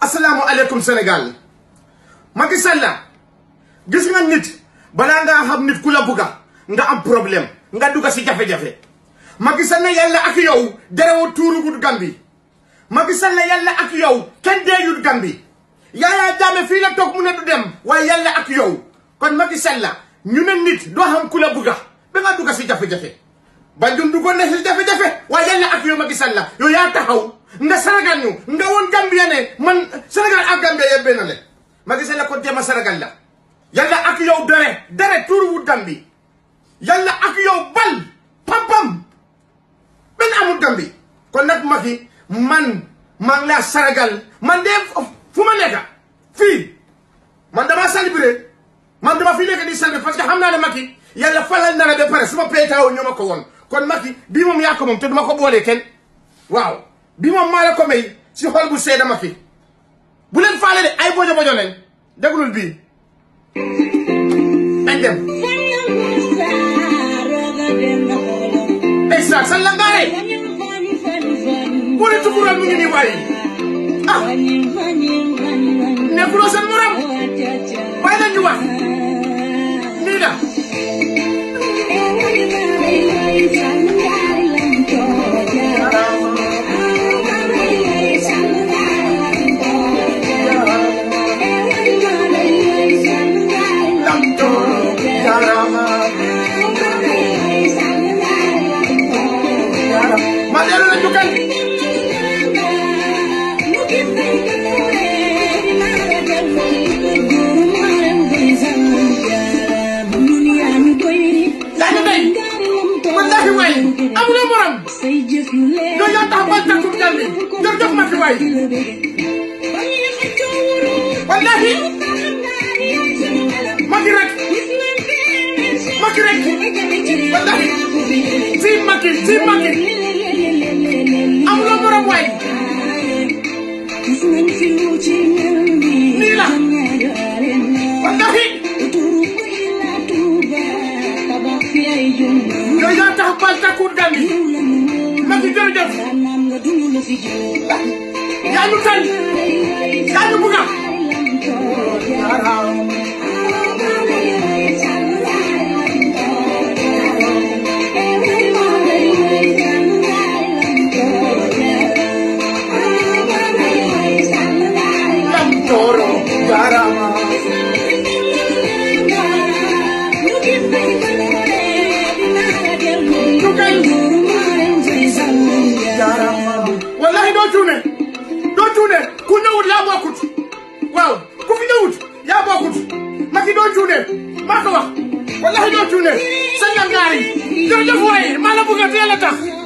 asalaamualeykum Sénégal Macky Sall gis nga nit balaa ngaa xam nit ku la bugga nga am problème nga dugg si jafe-jafe Macky Sall yàlla ak yow derewo tuurugut Gambi Macky Sall yàlla ak yow kenn deeyut Gambi Yaya Jammeh fii la toog mu ne du dem waaye yàlla ak yow kon Macky Sall ñu ne nit doo xam ku la bugga ba nga dugg si jafe-jafe ba jun duggoon na si jafe-jafe waaye yàlla ak yow Macky Sall yaa taxaw nga saragal ñu nga woon Gambia ne man Sénégal ak Gambia yëpp benn lañ ma gisee la ko dem saragal la yàlla ak yow dere dere tuuruwul Gambi yàlla ak yow bal pam-pam benn Gambi kon nag ma fi man maa ngi saragal man de fu ma nekka fii man damaa célébrer man dama fi nekk di célébrer parce que xam naa ne Macky yàlla falal na la ba pare su ma peetaaw ñoo ma ko woon kon Macky bii moom yaa ko moom te duma ko boolee kenn waaw bi moom maa la ko may si xol bu seeda ma fi bu leen faale de ay bojo bojo leen déglul bii nañ dem exact san mu ngi nii waaye ah ne amul morom ñoo yaa tax ba takku jàll ñoo jox ma fi waay wallahi Macky rek Macky rek wallahi si Macky si Macky tẹ̀lé ìdánimúra. Wallahi don't juune ku ñëwut yaa bokkut waaw ku fi ñëwut yaa bokkut Macky doo juune maa ko wax wallahi doo juune sa ngangaar yi jërëjëf waay maa la bëgg a a